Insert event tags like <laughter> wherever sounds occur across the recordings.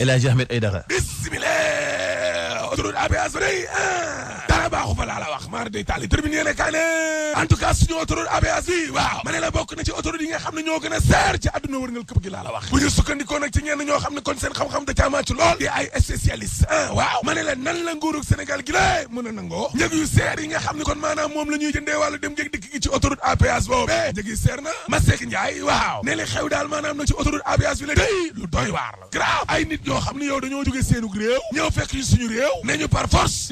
الى جهه من بسم الله baaxu fa laa la wax maar day taali terminé waaw ma ne la bokk na ci autoroute yi nga xam ne ñoo gën a seer ci kon seen xam-xam da caamaa lool di ay spécialiste ah waaw ma nan la nguurug Sénégal gi la a nangoo njëg yu seer yi nga xam ne kon maanaam moom la ñuy jëndee wàllu dem géeg dikk gi ci autoroute ABS boobu njëg yi seer na ma Njaay waaw ne xew daal maanaam nag ci autoroute ABS bi la lu doy waar la grave ay nit ñoo xam ne yow dañoo jóge seenug réew ñëw fekk ñu suñu ñu par force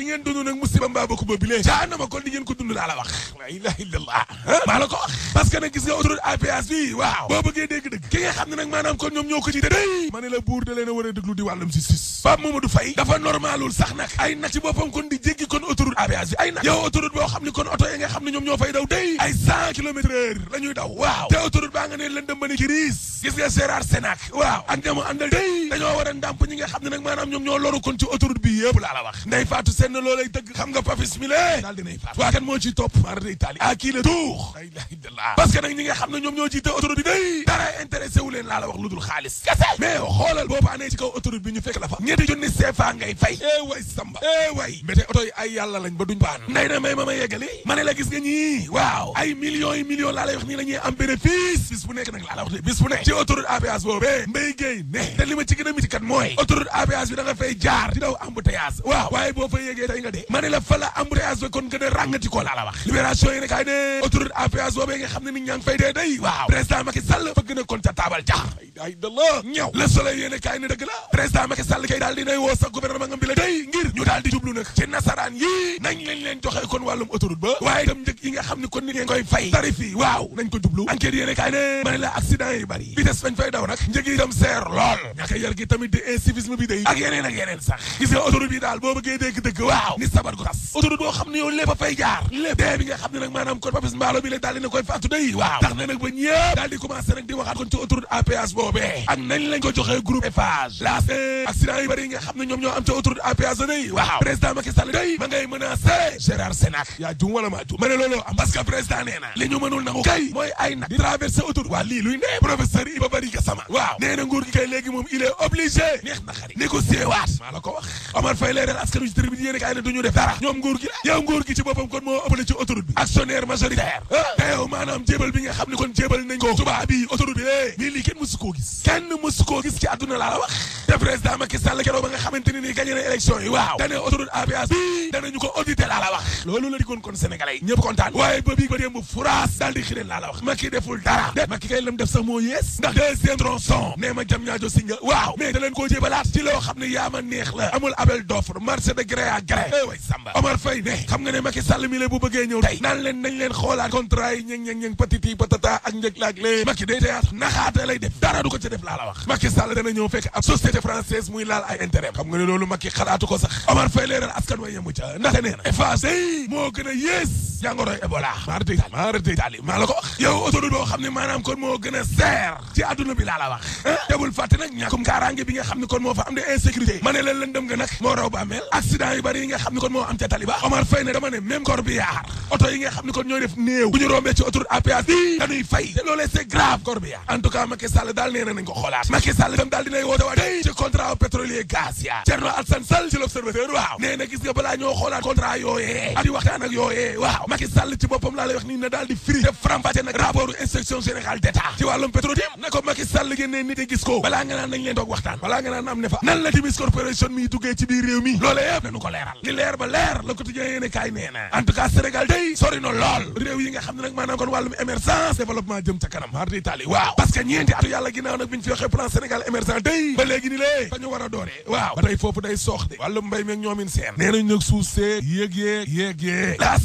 Macoumba bi lee jaanama kon di ngeen ko dund laa la wax la ilaha illallah maa la ko wax parce que nag gis nga autoroute à péage bi waaw boo bëggee dégg dëgg ki xam ne nag maanaam kon ñoom ñoo ko ci déy la buur da a war a déglu di wàllum justice Pape Mamadou Faye dafa normalul sax nag ay nag ci boppam kon di jéggi kon autoroute à bi ay nag yow autoroute boo xam ne kon oto yi xam ne ñoom ñoo fay daw day ay cent kilomètres heure daw waaw te autoroute baa nga ne leen dem ba gis nga a bis bi lee daal dinay faat waa kan moo ci topp mar day taali à qui le tour la ilaha illallah parce que nag ñi nga xam ne ñoom ñoo jiite autorité day dara naa la wax lu mais ci kaw autoroute bi ñu fekk la fa ñetti ngay fay eh way samba eh way yi ay yàlla lañ ba duñ baan may ma la gis nga waaw ay millions yi millions lay wax am bénéfice bis bu la wax bis bu ci autoroute ne te ci kat autoroute bi da nga fay jaar daw embouteillage waaw nga la embouteillage kon ràngati ko la wax libération yi autoroute nga fay waaw président Macky Sall kon ja ay da la ñëw le soleil yéene kaay ne dëgg la président Macky Sall kay daal dinay woo ngir ñu daal di jublu nag ci nasaraan yi nañ lañ leen joxe kon wàllum autoroute ba waaye itam njëg yi nga xam ni kon ni ngeen koy fay tarif yi waaw nañ ma ne la accident yi bari vitesse yi itam seer lool bi daal boo bëggee dégg dëgg waaw ni sabar gu tas autoroute boo xam ne yow lépp fay jaar lépp dee bi nga xam ne nag maanaam kon Papis Mballo bi la daal dina koy fàttu day waaw APS boobee ak nañ lañ ko joxee groupe Eiffage laas accident yi bëri nga xam ne ñoom ñoo am ca autoroute APS day waaw président Macky Sall day ma ngay menacé Gérard Senac yaa jum wala maa jum ma ne loolu am parce que président nee na li ñu mënul nangu kay mooy ay nag di traversé autoroute waa lii luy ne professeur Iba Barry Gassama waaw nee na nguur gi kay léegi moom il est obligé neex na xarit négocier waat maa la ko wax Omar Faye leeral askan wi ci tribune yéen kay ne duñu def dara ñoom nguur gi la yow nguur gi ci boppam kon moo ëppale ci autoroute bi actionnaire majoritaire te yow maanaam jébal bi nga xam ne kon jébal nañ ko tubaab bi autoroute bi lée mii lii mësu koo gis kenn mësu koo gis ci àdduna laa la wax te président Macky Sall keroog ba nga xamante nii gagné na élection yi waaw dane autoroute à péage bi danañu ko audité laa la wax loolu la dikoon kon sénégalais yi ñëpp kontaan waaye ba bii ba démb furaas daal di xireen laa la wax Macky deful dara de Macky kay lam def sax moo yées ndax deuxième tronçon nee ma jam ñaajo si waaw mais da leen koo jébalaat ci loo xam ne yaa neex la amul appel d'offre marché de gré à gré eh def dara du ko ca def laa la wax Macky Sall dana ñëw fekk ab société française muy laal ay intérêt xam nga ne loolu Macky xalaatu ko sax Omar Faye leeral askan wa yemu ca ndaxte nee na effacé moo gën a yées jàngoroy Ebola maarate taali taali maa la ko wax yow autoroute boo xam ne maanaam kon moo gën a seer ci àdduna bi laa la wax te bul fàtte nag ñàkkum kaaraange bi nga xam ne kon moo fa am de insécurité ma ne leen lëndëm nga nag moo raw bàmmeel accident yu Sall daal nee na xoolaat Macky Sall itam daal dinay woote waa tey ci contrat pétrolier gaz ya Thierno Alassane Sall ci l'observateur waaw nee gis nga balaa ñoo xoolaat contrat yooyee ak di waxtaan ak yooyee waaw Macky Sall ci boppam laa lay wax nii na daal di firi def gis ko balaa nga naan ne fa nan la Timis Corporation mi duggee ci biir réew mi loola yëpp nañu ko leeral li leer ba leer la quotidien yéene kaay nee ne nag maanaam kon wàllum émergence développement jëm ca yàlla ginnaaw nag bi ñu fi waxee plan Sénégal émergent day ba léegi ni lée fa ñu war a dooree waaw ba tey foofu day soox de wàllu mbéy meeg ñoomin seen nee nañ nag suuf see yéeg yéeg yéeg yéeg laas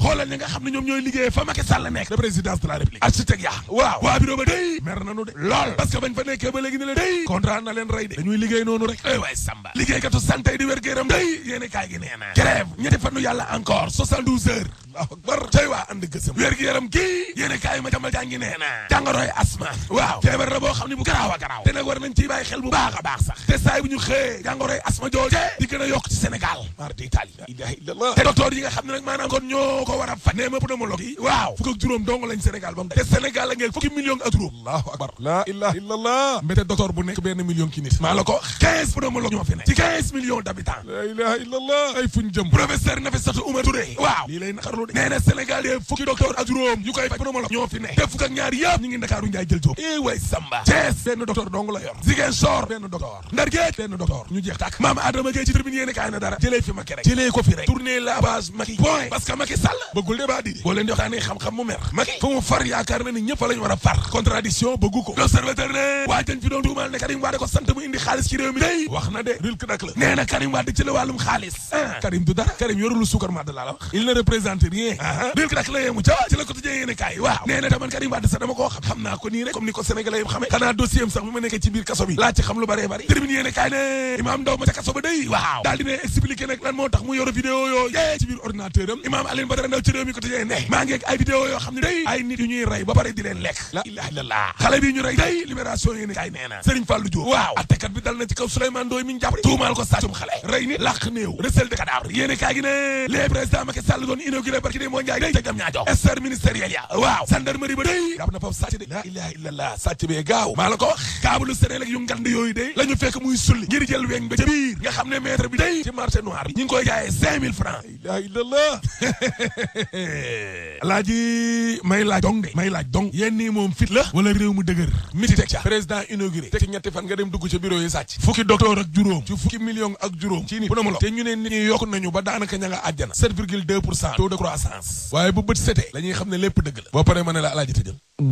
xoolal ñi nga xam ne ñoom ñooy liggéey fa Macky Sall nekk de présidence de la République architecte ya waaw waa bureau ba day mer nanu de lool parce que bañ fa nekkee ba léegi ni la day contrat na leen rey de dañuy liggéey noonu rek ay waay samba liggéeykatu santé di wér-gu-yaram day yéene kaay gi allahu akbar tey waa ànd gësëm wér gi yaram kii yéene kaay ma jamal jàngi nee na jàngoroy asma waaw feebar la boo xam ne bu garaaw a garaaw te nag war nañ ciy bàyyi xel bu baax a a a nekk benn million ki maa la ko quinze pneumologue ci quinze millions d' habitants la ilaha illallah ay fuñ jëm professeur Nafissatou Oumar Ndakaaru nee na Sénégal yee fukki docteur ak juróom yu koy faj pneumologue ñoo fi ne te fukk ak ñaar yëpp ñu ngi Ndakaaru njaay jël jóob i way samba Thiès benn docteur dong la yor Ziguinchor benn docteur Ndar Géej benn docteur ñu jeex tàkk maam Adama Gueye ci tribune yéene kaay na dara jëlee fi Macky rek jëlee ko fi rek tourner la base Macky point parce que Macky Sall bëggul débat di boo leen di waxtaanee xam-xam mu mer Macky fa mu far yaakaar na ni ñëpp fa wara far contradiction bëggu ko l'observateur ne waa fi doon tuumal ne Karim Wade ko sant mu indi xaalis ci réew mi day wax na de ril k dak la nee na Karim Wade ci la wàllum xaalis ah Karim du dara Karim yorul suukar madd laa la wax il ne représente ñee biir ne imaam ndaw lan moo tax mu yor vidéo yoo yee ci biir ordinateur imaam Alioune Badara Ndaw ci réew mi quotidien ne maa ngeeg ay vidéo yoo xam ne day ay nit ñuy rey ba pare di leen lekk xale bi ñu rey day libération yéene kaay nee na Serigne Fallou waaw attekat bi dal na ci kaw Souleymane Ndoye mi ñu jàpp tuumaal ko sàccum xale rey ni làq néew recel de cadavre yéene kaay gi ne le président Macky Sall doon inauguré barki dee moo njaay day ca jam ñaa ya waaw gendarmerie ba day rab na foofu sàcc de la ilaha illallah sàcc bee gaaw maa la ko wax kaabalu sénégal ak yu ngand yooyu day la ñu fekk muy sulli ngir jël weñ ba ca nga xam ne maître bi day ci marché noir bi ñu koy jaayee mille francs laa ilaha illallah <laughs> alaaji may laaj dong de may laaj dong yéen moom fit la wala réew mu dëgër miti teg ca président inauguré teg ci fan nga dem dugg ca bureau yi sàcc fukki docteur ak juróom ci fukki million mu lo te ñu ne croissance waaye bu bët setee la ñuy xam ne lépp dëgg la boo ma ne la alaaji